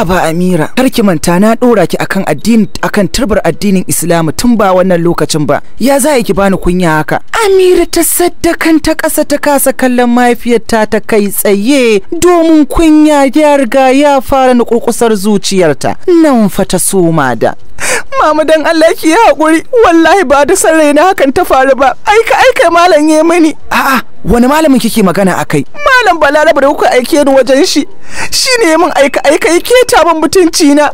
haba amira kar ki manta na dora ki akan addini akan turbar addinin islamu tun ba wannan lokacin ba ya za ki bani kunya haka amira ta saddakan ta kasa ta kasa kallon mahaifiyarta ta kai tsaye domin kunya ya riga ya fara na zuciyarta nan fa ta soma da mama dan Allah ki yi hakuri wallahi ba da san raina hakan ta faru ba aika aika malam ya mani a'a wani malamin kike magana akai malam balaraba da kuka aike ni wajen shi shine min aika aika yake ta mutunci na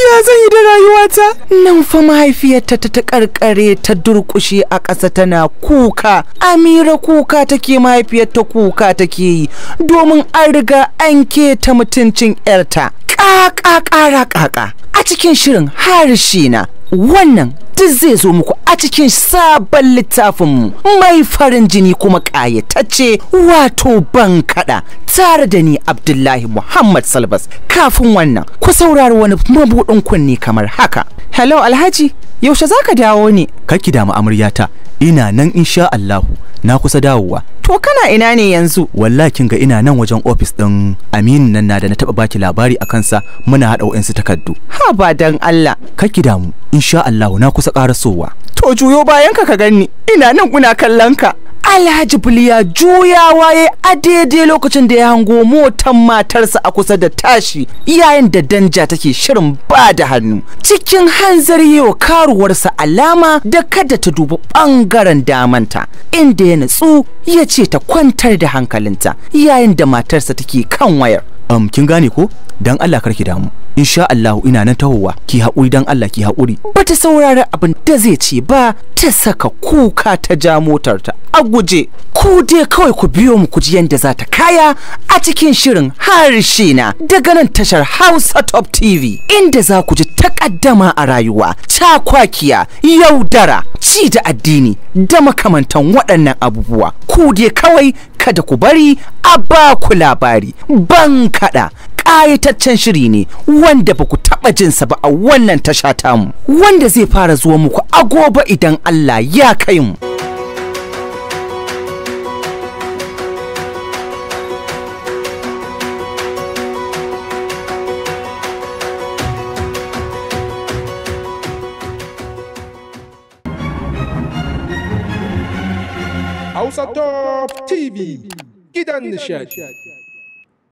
ya zan yi da rayuwata nan fa mahaifiyarta ta ta karkare ta durƙushe a ƙasa tana kuka amira kuka take mahaifiyarta kuka take yi domin an riga an keta mutuncin yarta ƙaƙa ƙara ƙaƙa cikin shirin harshe na wannan duk zai zo muku a cikin sabon littafinmu mai farin jini kuma ƙayatacce wato ban kaɗa tare da ni abdullahi muhammad salbas kafin wannan ku saurari wani mabuɗin kunne kamar haka hello alhaji yaushe za ka dawo ne ki dama amaryata ina nan insha Allahu na kusa dawowa to kana ina ne yanzu wallahi ga ina nan wajen office din Aminu nan na da na taba baki labari akan sa muna hada wayansu takardu ha ba dan Allah kaki damu insha Allahu na kusa karasowa to juyo bayan ka ka gani ina nan kuna kallon ka Alhaji Buliya juyawa ya a daidai lokacin da ya hango motar matarsa a kusa da tashi yayin da danja take shirin ba da hannu. Cikin hanzar yau karuwarsa alama da kada ta duba bangaren damanta inda ya natsu ya ce ta kwantar da hankalinta yayin da matarsa take kan wayar. Um, kin gane ko? Don Allah karki damu. insha Allah ina na tahowa ki haƙuri dan Allah ki haƙuri bata saurari abin da zai ce ba ta saka kuka ta ja motar ta a guje ku dai kawai ku biyo mu ku ji yanda za ta kaya a cikin shirin harshe na daga nan tashar Hausa Top TV inda za ku ji takaddama a rayuwa cakwakiya yaudara ci da addini da makamantan waɗannan abubuwa ku dai kawai kada ku bari a ba ku labari ban kaɗa ƙayataccen shiri ne wanda ba ku taɓa jinsa ba a wannan tasha tamu wanda zai fara zuwa muku a gobe idan Allah ya kai mu. Hausa Top TV gidan nishadi.